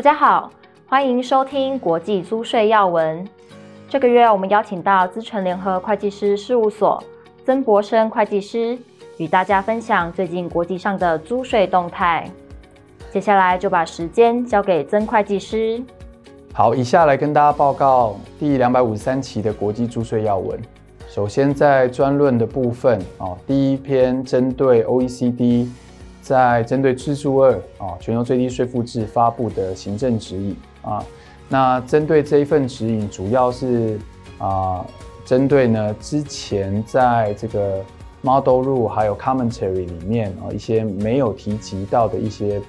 大家好，歡迎收聽國際租稅要聞。這個月我們邀請到資誠聯合會計師事務所曾博生會計師，與大家分享最近國際上的租稅動態。接下來就把時間交給曾會計師。好，以下來跟大家報告第兩百五十三期的國際租稅要聞。首先在專論的部分啊，哦，第一篇針對 OECD。在針對支柱二啊，全球最低稅負制發布的行政指引啊，那針對這一份指引，主要是啊，針對呢，之前在這個 model rule 還有 commentary 裡面啊一些沒有提及到的一些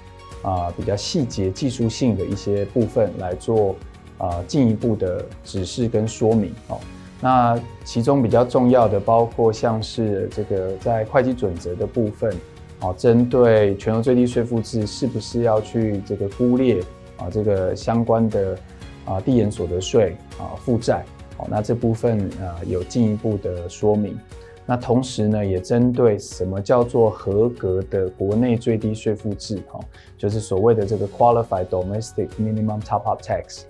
啊比較細節技術性的一些部分來做啊進一步的指示跟說明哦，啊。那其中比較重要的包括像是這個在會計準則的部分。針對全球最低稅負制，是不是要去這個估列啊這個相關的啊遞延所得稅啊負債？那這部分、啊、有進一步的說明。那同時呢，也針對什麼叫做合格的國內最低稅負制、啊？就是所謂的這個 qualified domestic minimum top up tax，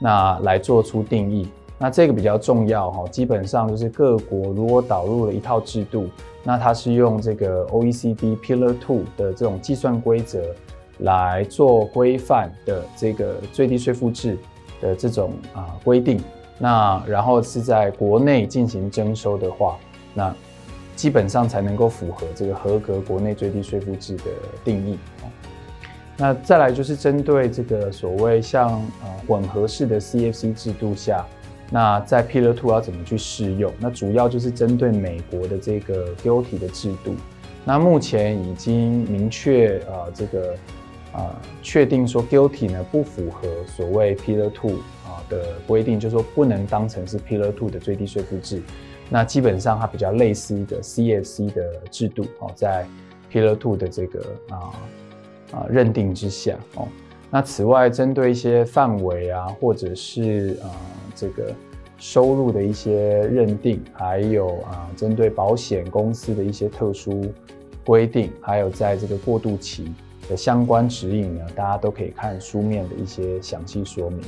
那來做出定義。那這個比較重要哈、啊，基本上就是各國如果導入了一套制度。那它是用這個 OECD Pillar Two 的這種計算規則來做規範的這個最低稅負制的這種啊規定，那然後是在國內進行徵收的話，那基本上才能夠符合這個合格國內最低稅負制的定義。那再來就是針對這個所謂像呃混合式的 CFC 制度下。那在 Pillar Two 要怎麼去適用？那主要就是針對美國的這個 GILTI 的制度。那目前已經明確呃這個呃確定說 GILTI 呢不符合所謂 Pillar Two 啊的規定，就是、說不能當成是 Pillar Two 的最低稅負制。那基本上它比較類似的 CFC 的制度哦、呃，在 Pillar Two 的這個啊啊、呃呃、認定之下哦。那此外，針對一些範圍啊，或者是啊、呃、這個。收入的一些認定，還有啊，針對保險公司的一些特殊規定，還有在這個過渡期的相關指引呢，大家都可以看書面的一些詳細說明。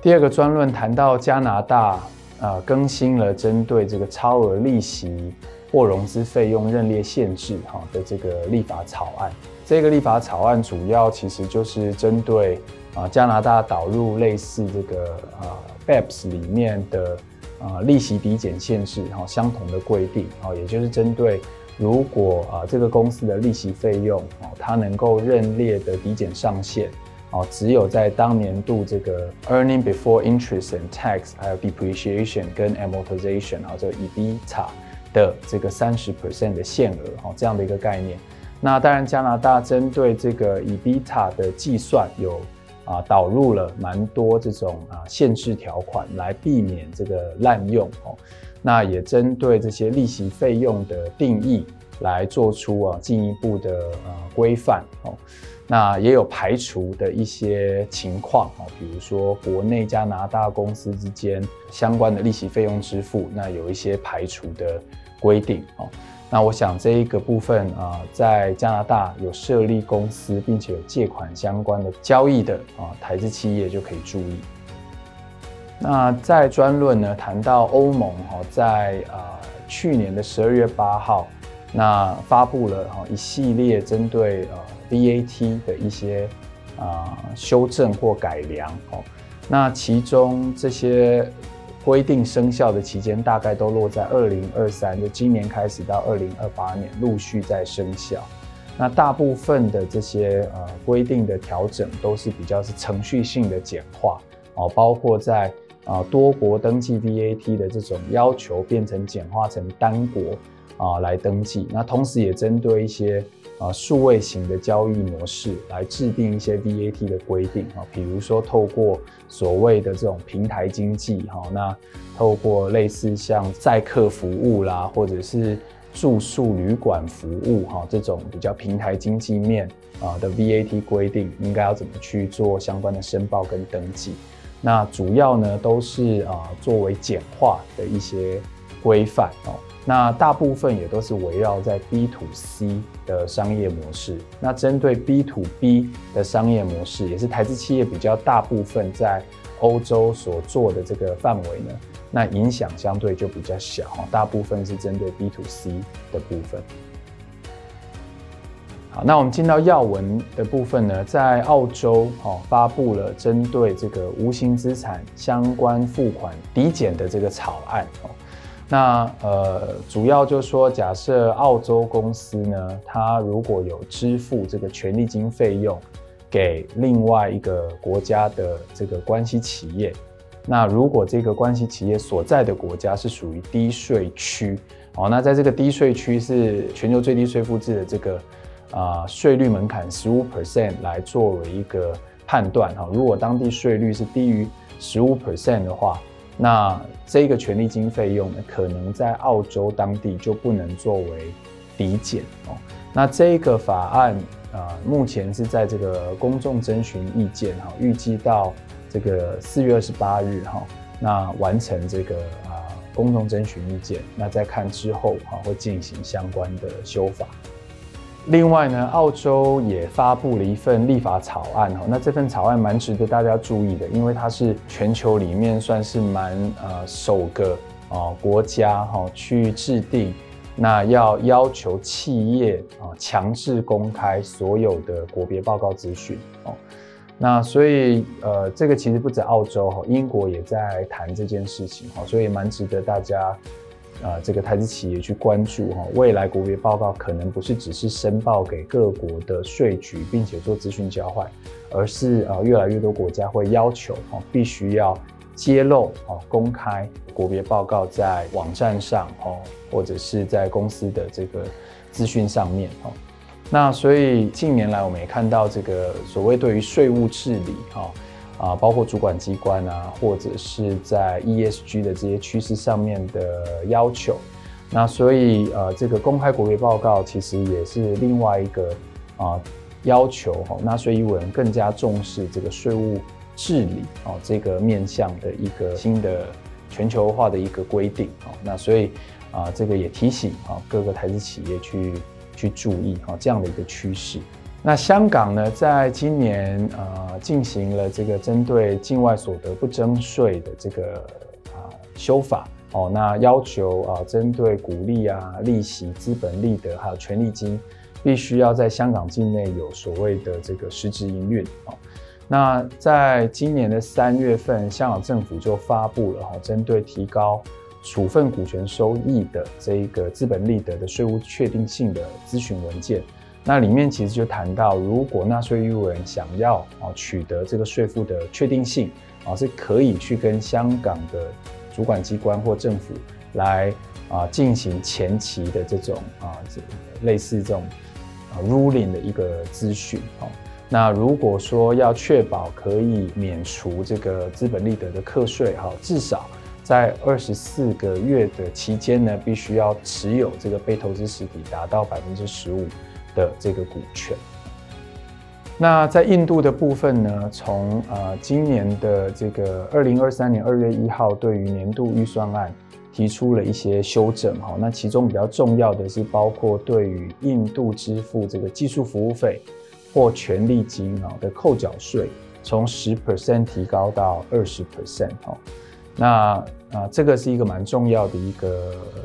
第二個專論談到加拿大啊，更新了針對這個超額利息或融資費用認列限制哈啊的這個立法草案。這個立法草案主要其實就是針對啊加拿大導入類似這個啊。Apps 裡面的啊、呃、利息抵減限制，然後、哦、相同的規定、哦，也就是針對如果啊、呃、這個公司的利息費用、哦，它能夠認列的抵減上限、哦，只有在當年度這個 Earning Before Interest and Tax 還有 Depreciation 跟 Amortization 啊、哦，這 EBITDA 的這個三十 percent 的限額，哦，這樣的一個概念。那當然，加拿大針對這個 EBITDA 的計算有。啊，導入了蠻多這種啊限制條款來避免這個濫用哦。那也針對這些利息費用的定義來做出啊進一步的啊規範哦。那也有排除的一些情況哦，比如說國內加拿大公司之間相關的利息費用支付，那有一些排除的規定哦。那我想這一個部分啊、呃，在加拿大有設立公司並且有借款相關的交易的啊、呃、台資企業就可以注意。那在專論呢談到歐盟哈、呃，在啊、呃、去年的十二月八號，那發布了、呃、一系列針對啊 VAT、呃、的一些啊、呃、修正或改良哦、呃，那其中這些。規定生效的期間大概都落在二零二三，就今年開始到二零二八年陸續在生效。那大部分的這些呃規定的調整都是比較是程序性的簡化哦，包括在啊、呃、多國登記 VAT 的這種要求變成簡化成單國啊、哦、來登記。那同時也針對一些。啊，數位型的交易模式來制定一些 VAT 的規定啊，比如說透過所謂的這種平台經濟哈、啊，那透過類似像載客服務啦，或者是住宿旅館服務哈、啊，這種比較平台經濟面啊的 VAT 規定，應該要怎麼去做相關的申報跟登記？那主要呢都是啊作為簡化的一些。規範哦，那大部分也都是圍繞在 B to C 的商業模式。那針對 B to B 的商業模式，也是台資企業比較大部分在歐洲所做的這個範圍呢。那影響相對就比較小，大部分是針對 B to C 的部分。好，那我們進到要聞的部分呢，在澳洲哦發布了針對這個無形資產相關付款抵減的這個草案那呃，主要就是說，假設澳洲公司呢，它如果有支付這個權利金費用給另外一個國家的這個關係企業，那如果這個關係企業所在的國家是屬於低稅區，哦，那在這個低稅區是全球最低稅負制的這個啊、呃、稅率門檻十五 percent 來作為一個判斷哈，如果當地稅率是低於十五 percent 的話，那這個權利金費用呢，可能在澳洲當地就不能作為抵減哦。那這個法案啊、呃，目前是在這個公眾徵詢意見哈，預計到這個四月二十八日哈、哦，那完成這個啊、呃、公眾徵詢意見，那再看之後哈、哦、會進行相關的修法。另外呢，澳洲也發佈了一份立法草案哈，那這份草案蠻值得大家注意的，因為它是全球裡面算是蠻呃首個呃國家哈、呃、去制定，那要要求企業啊、呃、強制公開所有的國別報告資訊哦，那所以呃這個其實不止澳洲哈、呃，英國也在談這件事情哈、呃，所以蠻值得大家。啊、呃，這個台資企業去關注哈、哦，未來國別報告可能不是只是申報給各國的稅局，並且做資訊交換，而是、哦、越來越多國家會要求、哦、必須要揭露、哦、公開國別報告在網站上哦，或者是在公司的這個資訊上面哦。那所以近年來我們也看到這個所謂對於稅務治理哈。哦啊，包括主管機關啊，或者是在 ESG 的這些趨勢上面的要求，那所以呃，這個公開國別報告其實也是另外一個啊、呃、要求哈、哦。那所以我們更加重視這個稅務治理啊、哦、這個面向的一個新的全球化的一個規定啊、哦。那所以啊、呃，這個也提醒啊、哦、各個台資企業去去注意哈、哦、這樣的一個趨勢。那香港呢，在今年呃進行了這個針對境外所得不徵稅的這個啊、呃、修法哦，那要求啊、哦、針對股利啊、利息、資本利得還有權利金，必須要在香港境內有所謂的這個實質營運啊。那在今年的三月份，香港政府就發布了哈、哦、針對提高處分股權收益的這一個資本利得的稅務確定性的諮詢文件。那裡面其實就談到，如果納稅義務人想要啊取得這個稅負的確定性啊，是可以去跟香港的主管機關或政府來啊進行前期的這種啊類似這種啊 ruling 的一個諮詢啊。那如果說要確保可以免除這個資本利得的課稅哈，至少在二十四個月的期間呢，必須要持有這個被投資實體達到百分之十五的這個股權，那在印度的部分呢，從啊今年的這個二零二三年二月一號，對於年度預算案提出了一些修正哈。那其中比較重要的是，包括對於印度支付這個技術服務費或權利金啊的扣繳稅從10，從十 percent 提高到二十 percent 哈。那啊、呃，這個是一個蠻重要的一個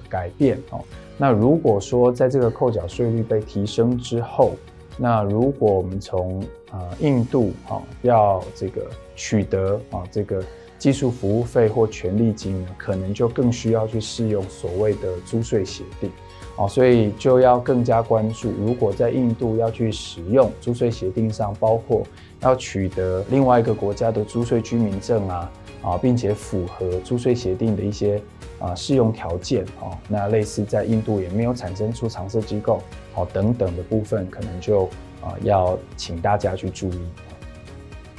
改變哦。那如果說在這個扣繳稅率被提升之後，那如果我們從啊、呃、印度啊、哦、要這個取得啊、哦、這個技術服務費或權利金呢，可能就更需要去適用所謂的租稅協定哦，所以就要更加關注。如果在印度要去使用租稅協定上，包括要取得另外一個國家的租稅居民證啊。啊，並且符合租稅協定的一些啊適用條件啊，那類似在印度也沒有產生出常設機構等等的部分，可能就啊要請大家去注意。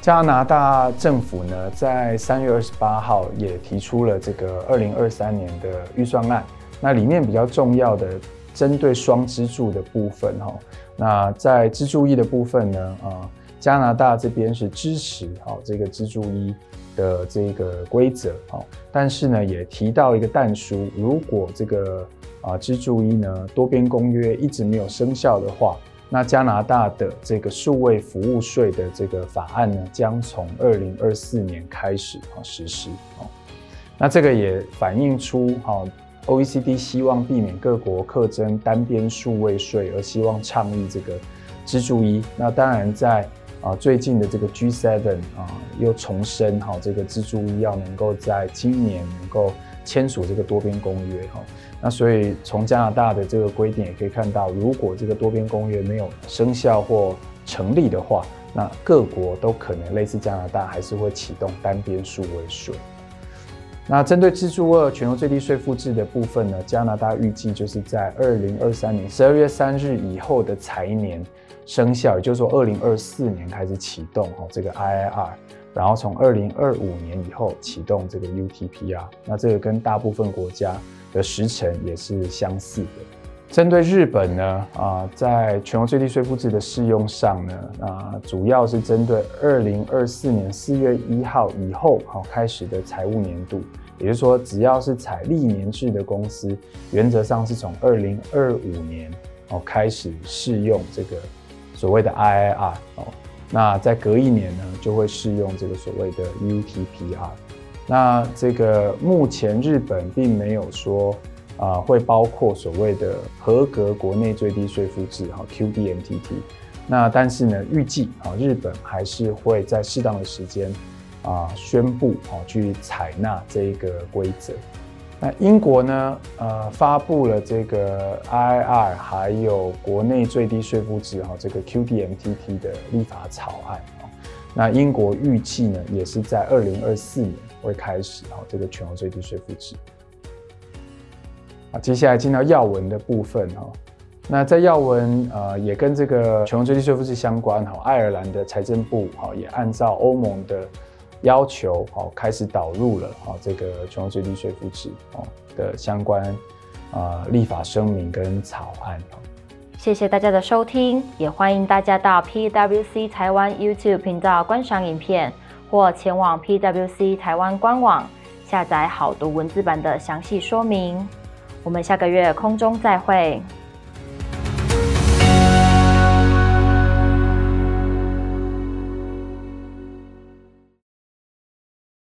加拿大政府呢，在三月二十八號也提出了這個二零二三年的預算案，那裡面比較重要的針對雙支柱的部分哈，那在支柱一的部分呢啊。加拿大這邊是支持好這個支柱一的這個規則，好，但是呢也提到一個但書，如果這個啊支柱一呢多邊公約一直沒有生效的話，那加拿大的這個數位服務稅的這個法案呢將從二零二四年開始啊實施，那這個也反映出哈 OECD 希望避免各國課徵單邊數位稅，而希望倡議這個支柱一，那當然在。啊，最近的這個 G7 啊，又重申哈，這個支柱一要能夠在今年能夠簽署這個多邊公約哈。那所以從加拿大的這個規定也可以看到，如果這個多邊公約沒有生效或成立的話，那各國都可能類似加拿大，還是會啟動單邊數位稅。那針對支柱二全球最低稅負制的部分呢，加拿大預計就是在二零二三年十二月三日以後的財年。生效，也就是說，二零二四年開始啟動這個 IIR，然後從二零二五年以後啟動這個 UTPR 啊，那這個跟大部分國家的時程也是相似的。針對日本呢，啊、呃，在全球最低稅負制的適用上呢，啊、呃，主要是針對二零二四年四月一號以後、哦、開始的財務年度，也就是說，只要是採歷年制的公司，原則上是從二零二五年哦開始適用這個。所謂的 IIR 哦，那再隔一年呢，就會適用這個所謂的 UTPR。那這個目前日本並沒有說啊、呃，會包括所謂的合格國內最低稅負制哈、喔、QDMTT。那但是呢，預計啊，日本還是會在適當的時間啊、呃，宣布、喔、去採納這個規則。那英國呢？呃，發佈了這個 IIR，還有國內最低稅負制哈，這個 QDMTT 的立法草案、哦、那英國預計呢，也是在二零二四年會開始哈、哦、這個全球最低稅負制。接下來進到要聞的部分哈、哦。那在要聞呃，也跟這個全球最低稅負制相關哈、哦，愛爾蘭的財政部哈、哦、也按照歐盟的。要求好，開始導入了啊，這個全球最低稅負制的相關啊立法聲明跟草案。謝謝大家的收聽，也歡迎大家到 PWC 台灣 YouTube 頻道觀賞影片，或前往 PWC 台灣官網下載好讀文字版的詳細說明。我們下個月空中再會。